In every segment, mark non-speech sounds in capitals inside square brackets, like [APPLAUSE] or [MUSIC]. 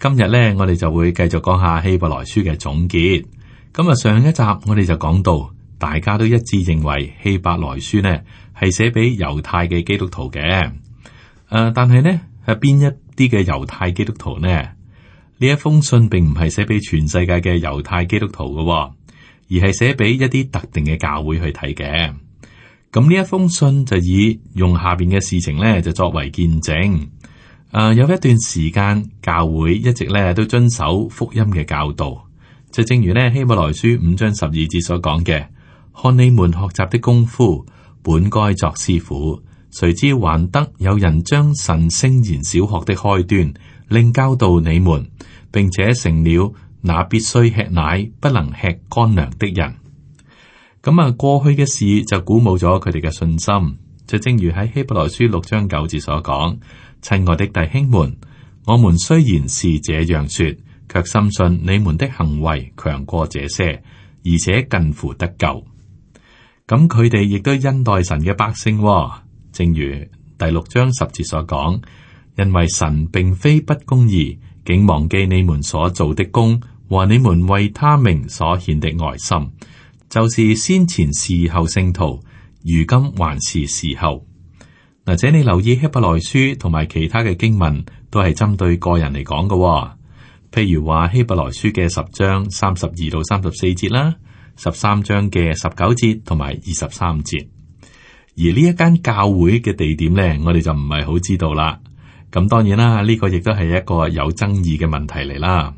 今日咧，我哋就會繼續講下希伯來書嘅總結。咁啊，上一集我哋就講到，大家都一致認為希伯來書呢係寫俾猶太嘅基督徒嘅。呃，但係呢，係邊一啲嘅猶太基督徒呢？呢一封信並唔係寫俾全世界嘅猶太基督徒嘅，而係寫俾一啲特定嘅教會去睇嘅。咁、嗯、呢一封信就以用下邊嘅事情呢就作為見證。誒、呃，有一段時間教會一直咧都遵守福音嘅教導，就正如咧希伯來書五章十二節所講嘅，看你們學習的功夫本該作師傅，誰知還得有人將神聖言小學的開端，另教導你們，並且成了那必須吃奶不能吃乾糧的人。咁啊，過去嘅事就鼓舞咗佢哋嘅信心，就正如喺希伯來書六章九節所講。親愛的弟兄們，我們雖然是這樣說，卻深信你們的行為強過這些，而且近乎得救。咁佢哋亦都恩待神嘅百姓，哦，正如第六章十節所講，因為神並非不公義，竟忘記你們所做的工和你們為他名所顯的愛心，就是先前侍候聖徒，如今還是侍候。或者你留意希伯來書同埋其他嘅經文，都係針對個人嚟講嘅。譬如話希伯來書嘅十章三十二到三十四節啦，十三章嘅十九節同埋二十三節。而呢一間教會嘅地點呢，我哋就唔係好知道啦。咁當然啦，呢個亦都係一個有爭議嘅問題嚟啦。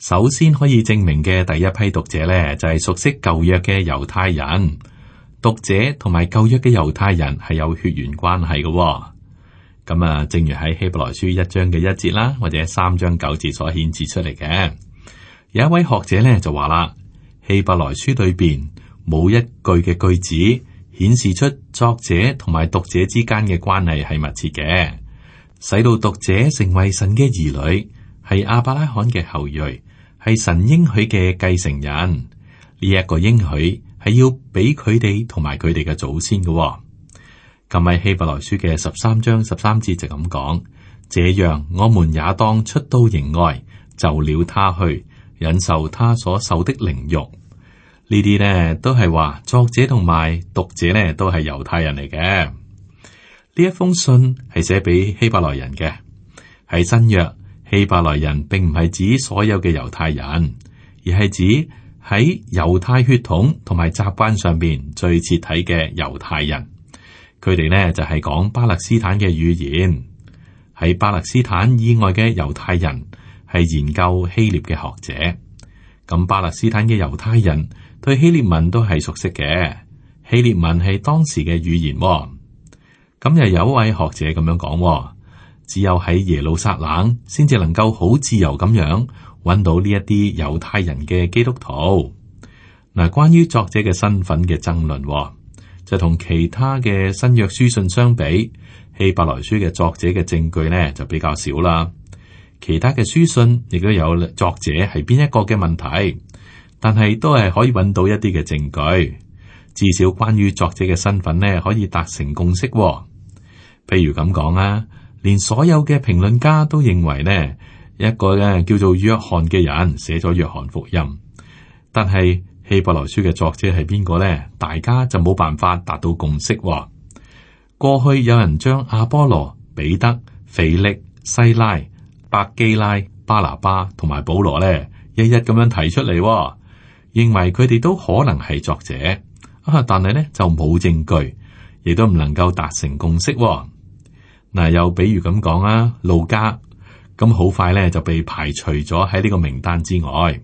首先可以證明嘅第一批讀者呢，就係熟悉舊約嘅猶太人。讀者同埋舊約嘅猶太人係有血緣關係嘅，哦，咁啊，正如喺希伯來書一章嘅一節啦，或者三章九節所顯示出嚟嘅，有一位學者咧就話啦，希伯來書裏邊冇一句嘅句子顯示出作者同埋讀者之間嘅關係係密切嘅，使到讀者成為神嘅兒女，係亞伯拉罕嘅後裔，係神應許嘅繼承人。呢一個應許。係要俾佢哋同埋佢哋嘅祖先嘅、哦，咁喺希伯來書嘅十三章十三節就咁講，這樣我們也當出到營外，就了他去，忍受他所受的凌辱。呢啲呢，都係話作者同埋讀者呢，都係猶太人嚟嘅，呢一封信係寫俾希伯來人嘅，喺新約希伯來人，並唔係指所有嘅猶太人，而係指。喺猶太血統同埋習慣上邊最徹底嘅猶太人，佢哋呢就係、是、講巴勒斯坦嘅語言。喺巴勒斯坦以外嘅猶太人，係研究希臘嘅學者。咁巴勒斯坦嘅猶太人對希臘文都係熟悉嘅，希臘文係當時嘅語言。咁又有一位學者咁樣講：只有喺耶路撒冷先至能夠好自由咁樣揾到呢一啲猶太人嘅基督徒，嗱，關於作者嘅身份嘅爭論，哦，就同其他嘅新約書信相比，希伯來書嘅作者嘅證據呢就比較少啦。其他嘅書信亦都有作者係邊一個嘅問題，但係都係可以揾到一啲嘅證據，至少關於作者嘅身份呢，可以達成共識，哦。譬如咁講啊，連所有嘅評論家都認為呢。一個咧叫做約翰嘅人寫咗約翰福音，但係希伯來書嘅作者係邊個咧？大家就冇辦法達到共識哦。話過去有人將阿波羅、彼得、腓力、西拉、百基拉、巴拿巴同埋保羅咧，日日咁樣提出嚟哦，認為佢哋都可能係作者啊，但係咧就冇證據，亦都唔能夠達成共識哦。嗱、呃，又比如咁講啊，路加，咁好快咧，就被排除咗喺呢個名單之外，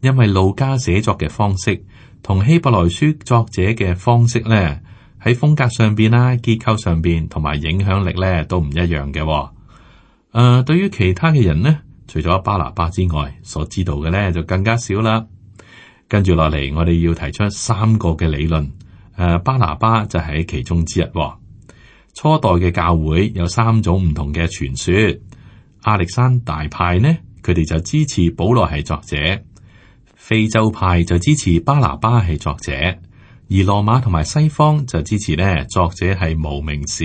因為路加寫作嘅方式同希伯來書作者嘅方式咧，喺風格上邊啦、結構上邊同埋影響力咧，都唔一樣嘅、哦。誒、呃，對於其他嘅人咧，除咗巴拿巴之外，所知道嘅咧就更加少啦。跟住落嚟，我哋要提出三個嘅理論，誒、呃，巴拿巴就係其中之一、哦。初代嘅教會有三種唔同嘅傳說。亞歷山大派呢，佢哋就支持保羅係作者；非洲派就支持巴拿巴係作者；而羅馬同埋西方就支持咧作者係無名氏。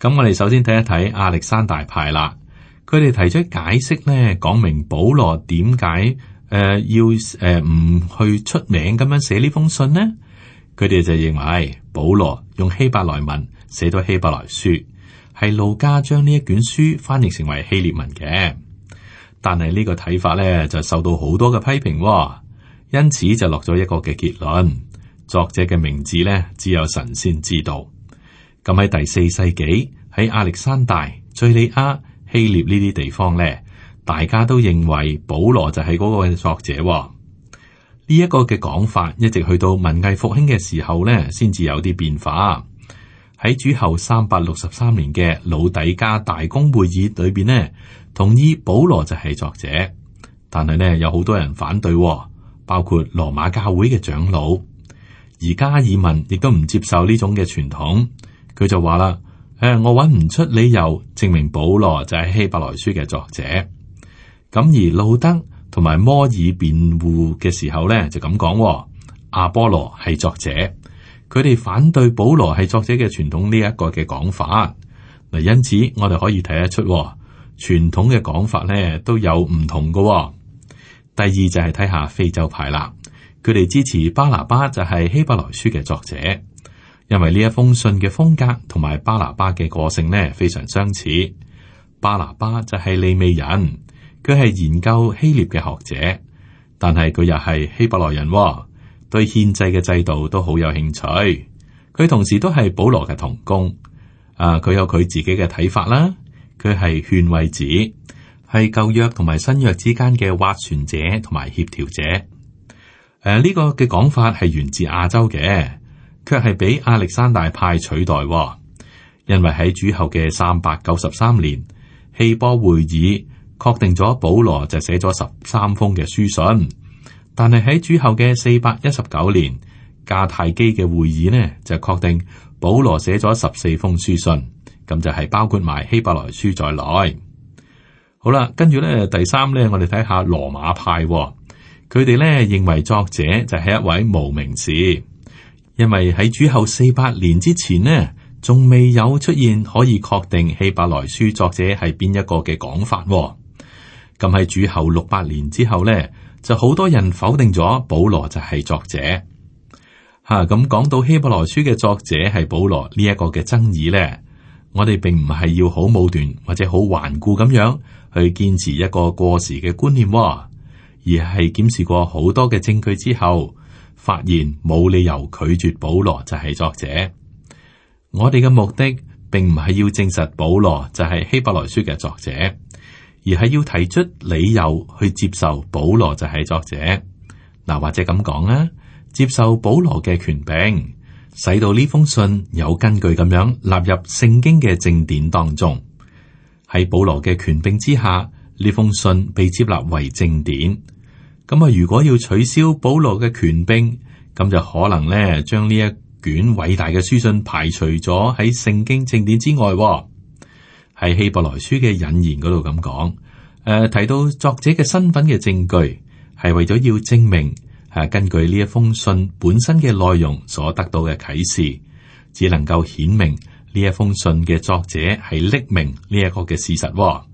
咁我哋首先睇一睇亞歷山大派啦，佢哋提出解釋咧，講明保羅點解誒要誒唔去出名咁樣寫呢封信呢？佢哋就認為保羅用希伯來文寫咗希伯來書。係路加將呢一卷書翻譯成為希臘文嘅，但係呢個睇法咧就受到好多嘅批評，哦，因此就落咗一個嘅結論：作者嘅名字咧只有神仙知道。咁喺第四世紀喺亞歷山大、敘利亞、希臘呢啲地方咧，大家都認為保羅就係嗰個作者，哦。呢、這、一個嘅講法一直去到文藝復興嘅時候咧，先至有啲變化。喺主後三百六十三年嘅老底加大公會議裏邊呢，同意保羅就係作者，但係呢有好多人反對、哦，包括羅馬教會嘅長老，而加爾文亦都唔接受呢種嘅傳統，佢就話啦：誒、呃，我揾唔出理由證明保羅就係希伯來書嘅作者。咁而路德同埋摩爾辯護嘅時候呢，就咁講、哦：阿波羅係作者。佢哋反對保羅係作者嘅傳統呢一個嘅講法，嗱，因此我哋可以睇得出傳統嘅講法咧都有唔同嘅。第二就係睇下非洲派啦，佢哋支持巴拿巴就係希伯來書嘅作者，因為呢一封信嘅風格同埋巴拿巴嘅個性咧非常相似。巴拿巴就係利未人，佢係研究希臘嘅學者，但係佢又係希伯來人喎。對憲制嘅制度都好有興趣，佢同時都係保羅嘅同工，啊佢有佢自己嘅睇法啦，佢係勸慰子，係舊約同埋新約之間嘅划船者同埋協調者，誒、啊、呢、這個嘅講法係源自亞洲嘅，卻係俾亞歷山大派取代、哦，因為喺主後嘅三百九十三年，希波會議確定咗保羅就寫咗十三封嘅書信。但係喺主後嘅四百一十九年，迦太基嘅會議呢就確定保羅寫咗十四封書信，咁就係、是、包括埋希伯來書在內。好啦，跟住呢第三呢，我哋睇下羅馬派、哦，佢哋呢認為作者就係一位無名氏，因為喺主後四百年之前呢，仲未有出現可以確定希伯來書作者係邊一個嘅講法、哦。咁喺主後六百年之後呢，就好多人否定咗保羅就係作者，吓，咁講到希伯來書嘅作者係保羅呢一個嘅爭議咧，我哋並唔係要好武斷或者好頑固咁樣去堅持一個過時嘅觀念，而係檢視過好多嘅證據之後，發現冇理由拒絕保羅就係作者。我哋嘅目的並唔係要證實保羅就係希伯來書嘅作者。而係要提出理由去接受保羅就係作者，嗱，或者咁講啦，接受保羅嘅權柄，使到呢封信有根據咁樣納入聖經嘅正典當中。喺保羅嘅權柄之下，呢封信被接納為正典。咁啊，如果要取消保羅嘅權柄，咁就可能咧將呢一卷偉大嘅書信排除咗喺聖經正典之外。喺希伯來書嘅引言嗰度咁講，誒、呃、提到作者嘅身份嘅證據，係為咗要證明吓、啊，根據呢一封信本身嘅內容所得到嘅啟示，只能夠顯明呢一封信嘅作者係匿名呢一個嘅事實、哦，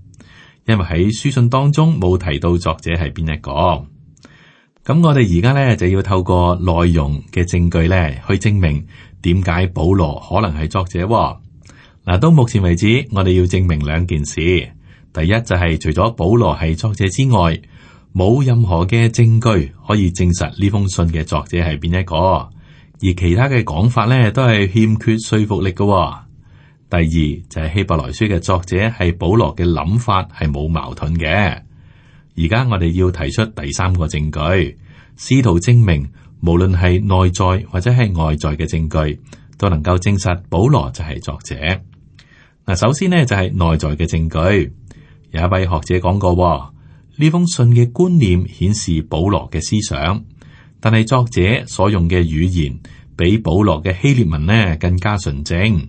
因為喺書信當中冇提到作者係邊一個。咁、嗯、我哋而家咧就要透過內容嘅證據咧去證明點解保羅可能係作者、哦。嗱，到目前為止，我哋要證明兩件事。第一就係除咗保羅係作者之外，冇任何嘅證據可以證實呢封信嘅作者係邊一個，而其他嘅講法咧都係欠缺說服力嘅哦。第二就係希伯來書嘅作者係保羅嘅諗法係冇矛盾嘅。而家我哋要提出第三個證據，試圖證明無論係內在或者係外在嘅證據都能夠證實保羅就係作者。嗱，首先呢，就係內在嘅證據。有一位學者講過，呢封信嘅觀念顯示保羅嘅思想，但係作者所用嘅語言比保羅嘅希臘文呢更加純正。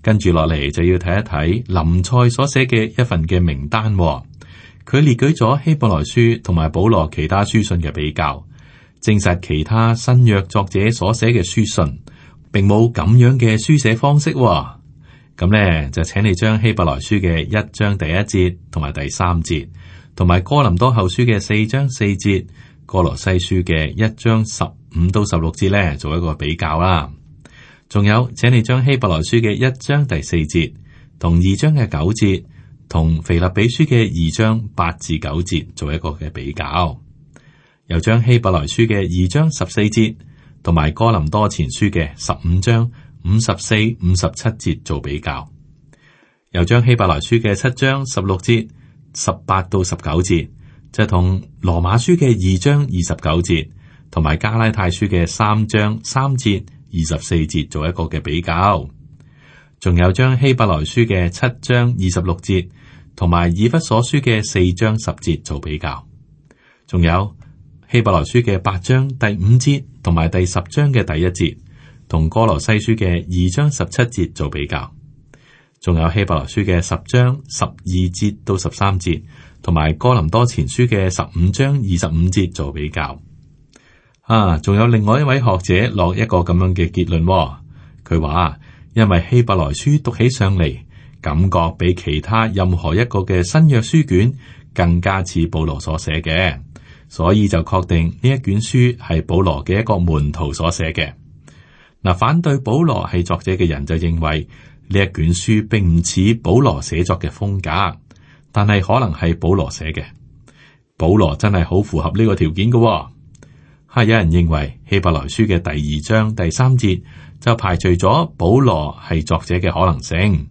跟住落嚟就要睇一睇林賽所寫嘅一份嘅名單，佢列舉咗希伯來書同埋保羅其他書信嘅比較，證實其他新約作者所寫嘅書信並冇咁樣嘅書寫方式。咁呢，就請你將希伯來書嘅一章第一節同埋第三節，同埋哥林多後書嘅四章四節，哥羅西書嘅一章十五到十六節呢，做一個比較啦。仲有，請你將希伯來書嘅一章第四節同二章嘅九節，同腓立比書嘅二章八至九節做一個嘅比較。又將希伯來書嘅二章十四節同埋哥林多前書嘅十五章。五十四、五十七節做比較，又將希伯來書嘅七章十六節、十八到十九節，就同羅馬書嘅二章二十九節，同埋加拉太書嘅三章三節、二十四節做一個嘅比較。仲有將希伯來書嘅七章二十六節，同埋以弗所書嘅四章十節做比較。仲有希伯來書嘅八章第五節，同埋第十章嘅第一節同哥羅西書嘅二章十七節做比較，仲有希伯來書嘅十章十二節到十三節，同埋哥林多前書嘅十五章二十五節做比較啊。仲有另外一位學者落一個咁樣嘅結論，哦，佢話因為希伯來書讀起上嚟感覺比其他任何一個嘅新約書卷更加似保羅所寫嘅，所以就確定呢一卷書係保羅嘅一個門徒所寫嘅。嗱，反對保羅係作者嘅人就認為呢一卷書並唔似保羅寫作嘅風格，但係可能係保羅寫嘅。保羅真係好符合呢個條件嘅，哦。係、啊、有人認為希伯來書嘅第二章第三節就排除咗保羅係作者嘅可能性，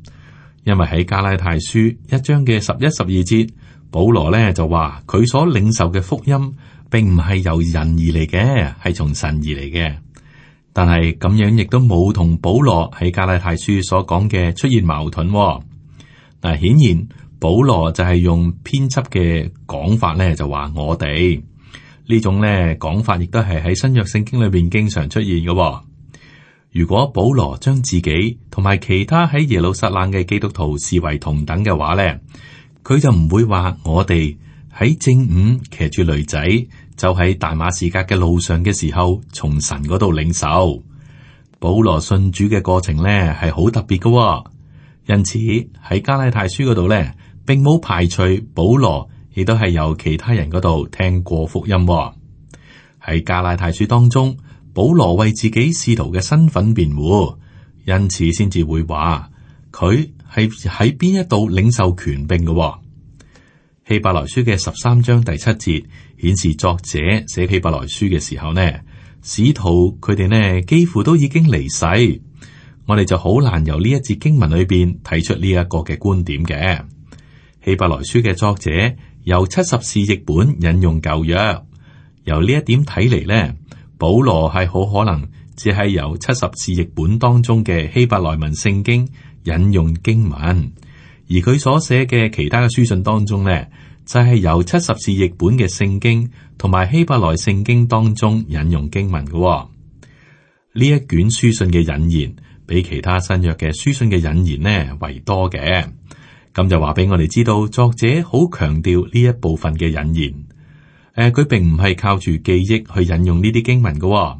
因為喺加拉太書一章嘅十一十二節，保羅咧就話佢所領受嘅福音並唔係由人而嚟嘅，係從神而嚟嘅。但係咁樣亦都冇同保羅喺加拉太書所講嘅出現矛盾、哦。嗱，顯然保羅就係用編輯嘅講法咧，就話我哋呢種咧講法，亦都係喺新約聖經裏邊經常出現嘅、哦。如果保羅將自己同埋其他喺耶路撒冷嘅基督徒視為同等嘅話咧，佢就唔會話我哋喺正午騎住女仔。就喺大馬士革嘅路上嘅時候，從神嗰度領受。保羅信主嘅過程咧，係好特別㗎喎。因此喺加拉太書嗰度咧，並冇排除保羅亦都係由其他人嗰度聽過福音喎。喺加拉太書當中，保羅為自己使徒嘅身份辯護，因此先至會話佢係喺邊一度領受權柄㗎喎。希伯來書嘅十三章第七節。顯示作者寫希伯來書嘅時候呢，使徒佢哋呢幾乎都已經離世，我哋就好難由呢一節經文裏邊提出呢一個嘅觀點嘅。希伯來書嘅作者由七十士譯本引用舊約，由呢一點睇嚟呢，保羅係好可能只係由七十士譯本當中嘅希伯來文聖經引用經文，而佢所寫嘅其他嘅書信當中呢，就係由七十士譯本嘅聖經同埋希伯來聖經當中引用經文嘅。哦，呢一卷書信嘅引言比其他新約嘅書信嘅引言呢為多嘅，咁就話俾我哋知道作者好強調呢一部分嘅引言，誒、呃、佢並唔係靠住記憶去引用呢啲經文嘅。哦，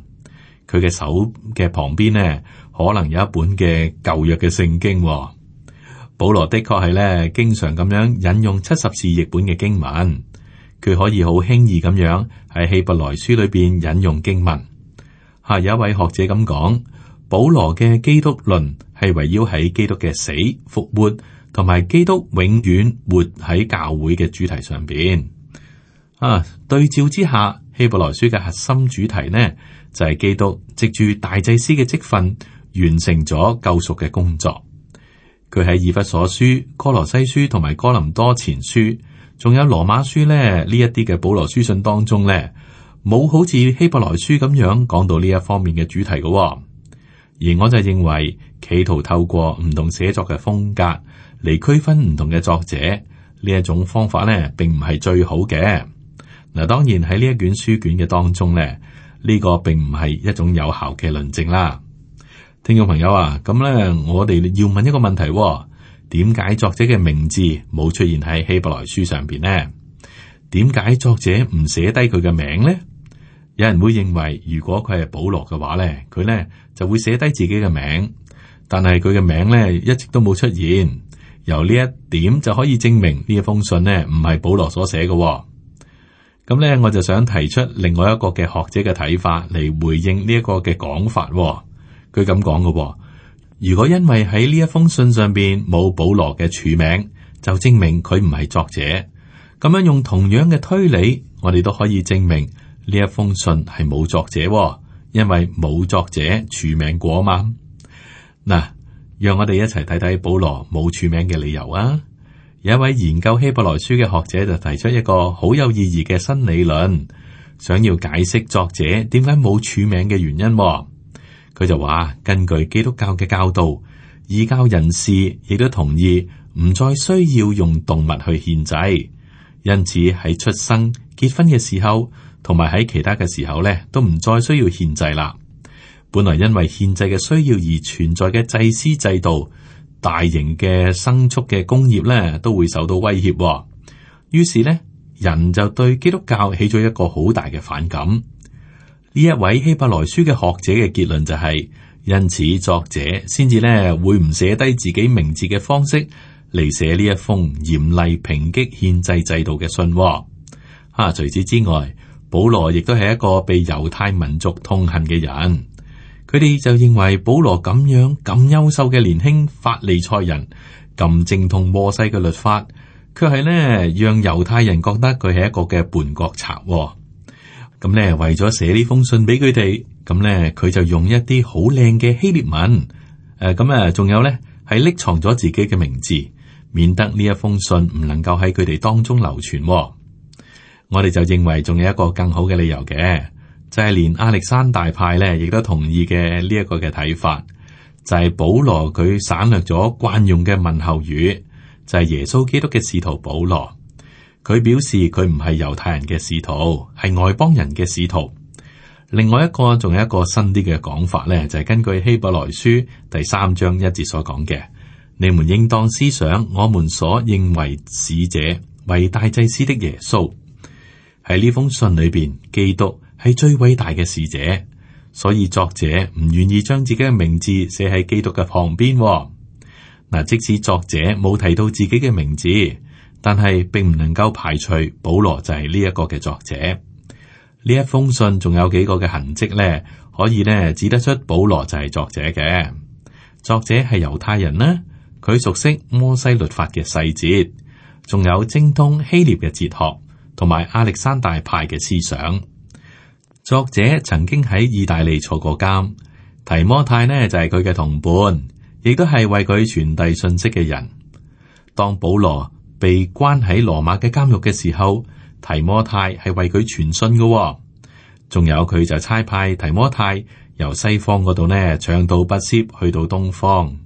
佢嘅手嘅旁邊呢可能有一本嘅舊約嘅聖經。哦保羅的確係咧，經常咁樣引用七十士譯本嘅經文，佢可以好輕易咁樣喺希伯來書裏邊引用經文。下、啊、有一位學者咁講，保羅嘅基督論係圍繞喺基督嘅死復活同埋基督永遠活喺教會嘅主題上邊。啊，對照之下，希伯來書嘅核心主題呢，就係、是、基督藉住大祭司嘅職分完成咗救贖嘅工作。佢喺以弗所書、哥羅西書同埋哥林多前書，仲有羅馬書咧呢一啲嘅保羅書信當中咧，冇好似希伯來書咁樣講到呢一方面嘅主題嘅、哦。而我就認為，企圖透過唔同寫作嘅風格嚟區分唔同嘅作者呢一種方法咧，並唔係最好嘅。嗱，當然喺呢一卷書卷嘅當中咧，呢、這個並唔係一種有效嘅論證啦。聽眾朋友啊，咁咧，我哋要問一個問題：點解作者嘅名字冇出現喺希伯來書上邊呢？點解作者唔寫低佢嘅名呢？有人會認為，如果佢係保羅嘅話咧，佢咧就會寫低自己嘅名，但係佢嘅名咧一直都冇出現。由呢一點就可以證明呢一封信呢唔係保羅所寫嘅。咁咧，我就想提出另外一個嘅學者嘅睇法嚟回應呢一個嘅講法。佢咁講嘅，如果因為喺呢一封信上邊冇保羅嘅署名，就證明佢唔係作者。咁樣用同樣嘅推理，我哋都可以證明呢一封信係冇作，作者，因為冇作者署名過啊嘛。嗱、啊，讓我哋一齊睇睇保羅冇署名嘅理由啊！有一位研究希伯來書嘅學者就提出一個好有意義嘅新理論，想要解釋作者點解冇署名嘅原因，啊。佢就話：根據基督教嘅教導，異教人士亦都同意唔再需要用動物去獻祭，因此喺出生、結婚嘅時候，同埋喺其他嘅時候咧，都唔再需要獻祭啦。本來因為獻祭嘅需要而存在嘅祭司制度、大型嘅牲畜嘅工業咧，都會受到威脅喎。於是咧，人就對基督教起咗一個好大嘅反感。呢一位希伯來書嘅學者嘅結論就係、是，因此作者先至呢會唔寫低自己名字嘅方式嚟寫呢一封嚴厲抨擊獻祭制度嘅信，哦。哈、啊，除此之外，保羅亦都係一個被猶太民族痛恨嘅人。佢哋就認為保羅咁樣咁優秀嘅年輕法利賽人，咁精通摩西嘅律法，卻係呢讓猶太人覺得佢係一個嘅叛國賊，哦。咁咧，為咗寫呢封信俾佢哋，咁咧佢就用一啲好靚嘅希臘文，誒、呃，咁啊，仲有咧係匿藏咗自己嘅名字，免得呢一封信唔能夠喺佢哋當中流傳、哦。我哋就認為仲有一個更好嘅理由嘅，就係、是、連亞歷山大派咧亦都同意嘅呢一個嘅睇法，就係、是、保羅佢省略咗慣用嘅問候語，就係、是、耶穌基督嘅使徒保羅。佢表示佢唔係猶太人嘅使徒，係外邦人嘅使徒。另外一個仲有一個新啲嘅講法咧，就係根據希伯來書第三章一節所講嘅，你們應當思想，我們所認為使者為大祭司的耶穌。喺呢封信裏邊，基督係最偉大嘅使者，所以作者唔願意將自己嘅名字寫喺基督嘅旁邊。嗱，即使作者冇提到自己嘅名字。但係並唔能夠排除保羅就係呢一個嘅作者。呢一封信仲有幾個嘅痕跡咧，可以咧指得出保羅就係作者嘅。作者係猶太人呢，佢熟悉摩西律法嘅細節，仲有精通希臘嘅哲學同埋亞歷山大派嘅思想。作者曾經喺意大利坐過監，提摩太呢就係佢嘅同伴，亦都係為佢傳遞信息嘅人。當保羅被關喺羅馬嘅監獄嘅時候，提摩太係為佢傳信嘅、哦，仲有佢就差派提摩太由西方嗰度呢，長途跋涉去到東方。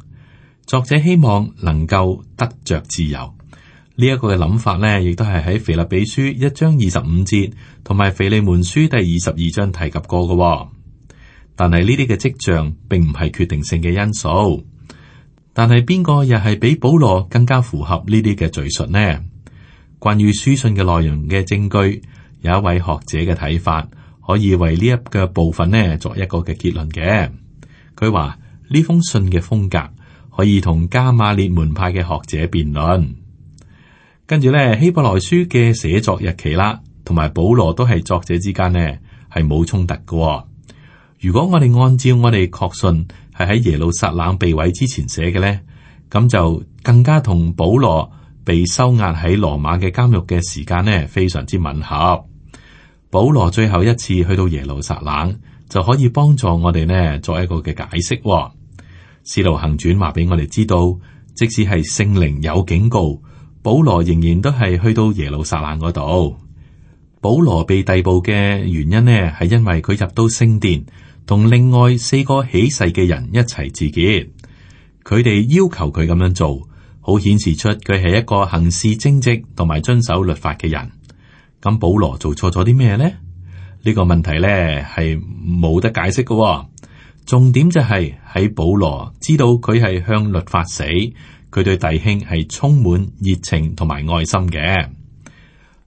作者希望能夠得着自由，呢、這、一個嘅諗法呢，亦都係喺腓立比書一章二十五節同埋腓利門書第二十二章提及過嘅、哦。但係呢啲嘅跡象並唔係決定性嘅因素。但係邊個又係比保羅更加符合呢啲嘅敘述呢？關於書信嘅內容嘅證據，有一位學者嘅睇法，可以為呢一個部分呢作一個嘅結論嘅。佢話呢封信嘅風格可以同加馬列門派嘅學者辯論。跟住呢，希伯來書嘅寫作日期啦，同埋保羅都係作者之間呢係冇衝突嘅。如果我哋按照我哋確信。係喺耶路撒冷被毀之前寫嘅呢，咁就更加同保羅被收押喺羅馬嘅監獄嘅時間呢非常之吻合。保羅最後一次去到耶路撒冷就可以幫助我哋呢作一個嘅解釋，哦。使徒行傳話俾我哋知道，即使係聖靈有警告，保羅仍然都係去到耶路撒冷嗰度。保羅被逮捕嘅原因呢，係因為佢入到聖殿。同另外四個起誓嘅人一齊自結，佢哋要求佢咁樣做，好顯示出佢係一個行事正直同埋遵守律法嘅人。咁保羅做錯咗啲咩呢？呢、這個問題呢，係冇得解釋嘅，哦。重點就係、是、喺保羅知道佢係向律法死，佢對弟兄係充滿熱情同埋愛心嘅。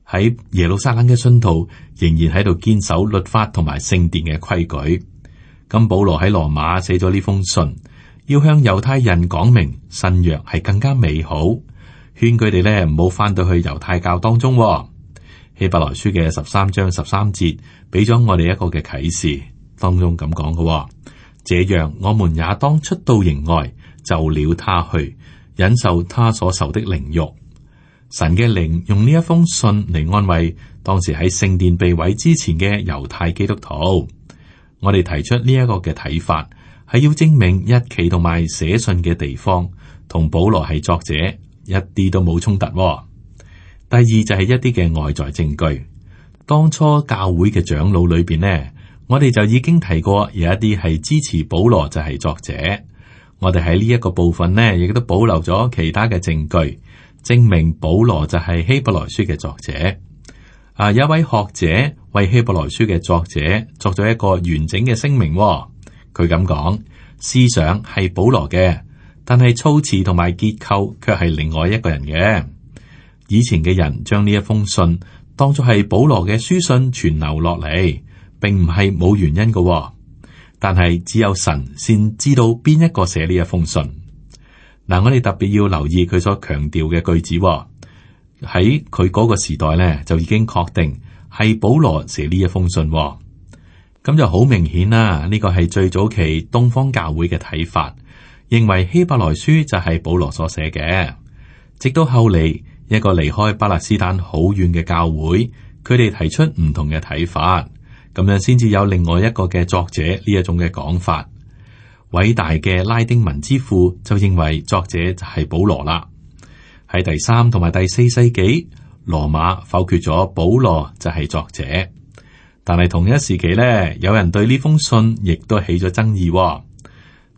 喺耶路撒冷嘅信徒仍然喺度堅守律法同埋聖殿嘅規矩。咁保羅喺羅馬寫咗呢封信，要向猶太人講明信仰係更加美好，勸佢哋咧唔好翻到去猶太教當中。希伯來書嘅十三章十三節俾咗我哋一個嘅啟示，當中咁講嘅，這樣我們也當出到營外，就了他去，忍受他所受的凌辱。神嘅靈用呢一封信嚟安慰當時喺聖殿被毀之前嘅猶太基督徒。我哋提出呢一個嘅睇法，係要證明一期同埋寫信嘅地方，同保羅係作者一啲都冇衝突喎。第二就係一啲嘅外在證據，當初教會嘅長老裏邊呢，我哋就已經提過有一啲係支持保羅就係作者。我哋喺呢一個部分呢，亦都保留咗其他嘅證據，證明保羅就係希伯來書嘅作者。啊！一位學者為希伯來書嘅作者作咗一個完整嘅聲明、哦。佢咁講：思想係保羅嘅，但係措辭同埋結構卻係另外一個人嘅。以前嘅人將呢一封信當作係保羅嘅書信存留落嚟，並唔係冇原因嘅、哦。但係只有神先知道邊一個寫呢一封信。嗱、啊，我哋特別要留意佢所強調嘅句子、哦。喺佢嗰個時代咧，就已經確定係保羅寫呢一封信，哦，咁就好明顯啦。呢個係最早期東方教會嘅睇法，認為希伯來書就係保羅所寫嘅。直到後嚟一個離開巴勒斯坦好遠嘅教會，佢哋提出唔同嘅睇法，咁樣先至有另外一個嘅作者呢一種嘅講法。偉大嘅拉丁文之父就認為作者就係保羅啦。喺第三同埋第四世紀，羅馬否決咗保羅就係作者。但係同一時期咧，有人對呢封信亦都起咗爭議、哦。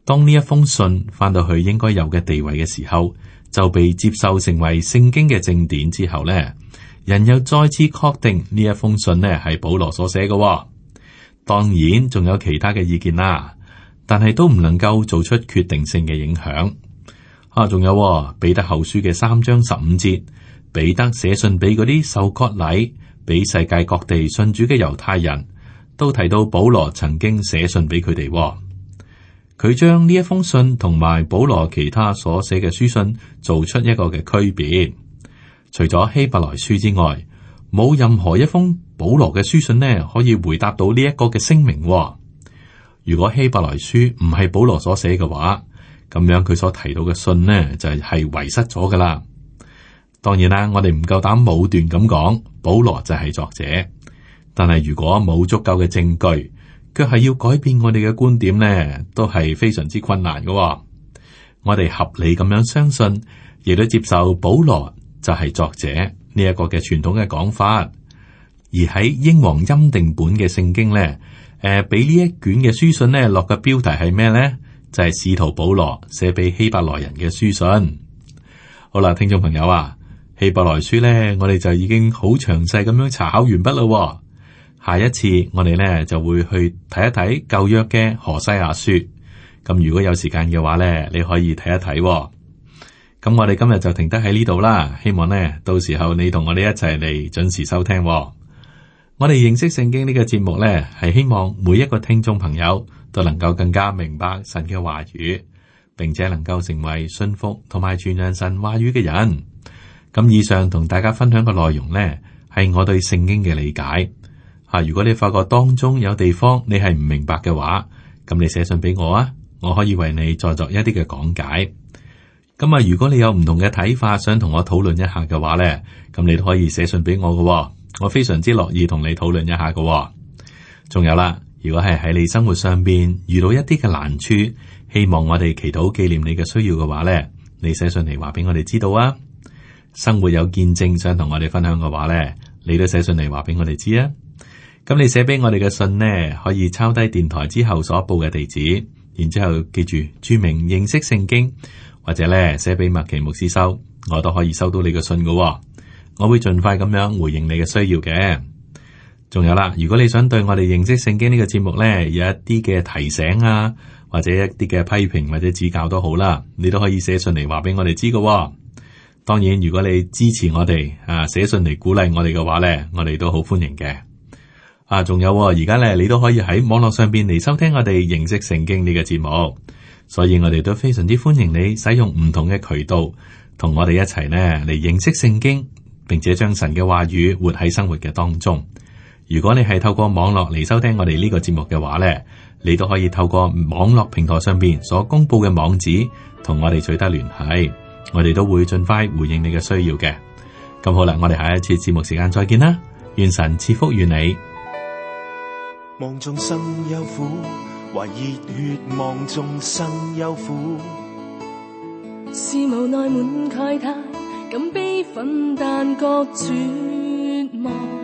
當呢一封信翻到去應該有嘅地位嘅時候，就被接受成為聖經嘅正典之後咧，人又再次確定呢一封信咧係保羅所寫嘅、哦。當然，仲有其他嘅意見啦，但係都唔能夠做出決定性嘅影響。啊，仲有喎，彼得後書嘅三章十五節，彼得寫信俾嗰啲受割禮、俾世界各地信主嘅猶太人都提到保羅曾經寫信俾佢哋喎，佢將呢一封信同埋保羅其他所寫嘅書信做出一個嘅區別。除咗希伯來書之外，冇任何一封保羅嘅書信呢可以回答到呢一個嘅聲明，喎。如果希伯來書唔係保羅所寫嘅話。咁樣佢所提到嘅信呢，就係係遺失咗噶啦。當然啦、啊，我哋唔夠膽武斷咁講保羅就係作者。但係如果冇足夠嘅證據，佢係要改變我哋嘅觀點呢，都係非常之困難噶、啊。我哋合理咁樣相信，亦都接受保羅就係作者呢一個嘅傳統嘅講法。而喺英皇欽定本嘅聖經呢，誒俾呢一卷嘅書信呢落嘅標題係咩呢？就係使徒保羅寫俾希伯來人嘅書信。好啦，聽眾朋友啊，希伯來書呢，我哋就已經好詳細咁樣查考完畢啦。下一次我哋呢，就會去睇一睇舊約嘅何西阿書。咁如果有時間嘅話呢，你可以睇一睇。咁我哋今日就停得喺呢度啦。希望呢，到時候你同我哋一齊嚟準時收聽。我哋認識聖經呢個節目呢，係希望每一個聽眾朋友。都能夠更加明白神嘅話語，並且能夠成為信服同埋傳揚神話語嘅人。咁以上同大家分享嘅內容呢，係我對聖經嘅理解。吓，如果你發覺當中有地方你係唔明白嘅話，咁你寫信俾我啊，我可以為你再作，作一啲嘅講解。咁啊，如果你有唔同嘅睇法，想同我討論一下嘅話呢，咁你都可以寫信俾我噶，我非常之樂意同你討論一下噶。仲有啦。如果係喺你生活上邊遇到一啲嘅難處，希望我哋祈禱紀念你嘅需要嘅話咧，你寫信嚟話俾我哋知道啊！生活有見證想同我哋分享嘅話咧，你都寫信嚟話俾我哋知啊！咁你寫俾我哋嘅信呢，可以抄低電台之後所報嘅地址，然之後記住注明認識聖經，或者咧寫俾麥奇牧師收，我都可以收到你嘅信噶，我會盡快咁樣回應你嘅需要嘅。仲有啦，如果你想對我哋認識聖經呢個節目呢，有一啲嘅提醒啊，或者一啲嘅批評或者指教都好啦，你都可以寫信嚟話俾我哋知㗎。當然，如果你支持我哋啊，寫信嚟鼓勵我哋嘅話呢，我哋都好歡迎嘅。啊，仲有而家呢，你都可以喺網絡上邊嚟收聽我哋認識聖經呢個節目，所以我哋都非常之歡迎你使用唔同嘅渠道同我哋一齊呢嚟認識聖經，並且將神嘅話語活喺生活嘅當中。如果你係透過網絡嚟收聽我哋呢個節目嘅話咧，你都可以透過網絡平台上邊所公布嘅網址同我哋取得聯繫，我哋都會盡快回應你嘅需要嘅。咁好啦，我哋下一次節目時間再見啦，願神賜福與你。望眾生憂苦，懷熱血望眾生憂苦， [MUSIC] 是無奈滿慨嘆，感悲憤但覺絕望。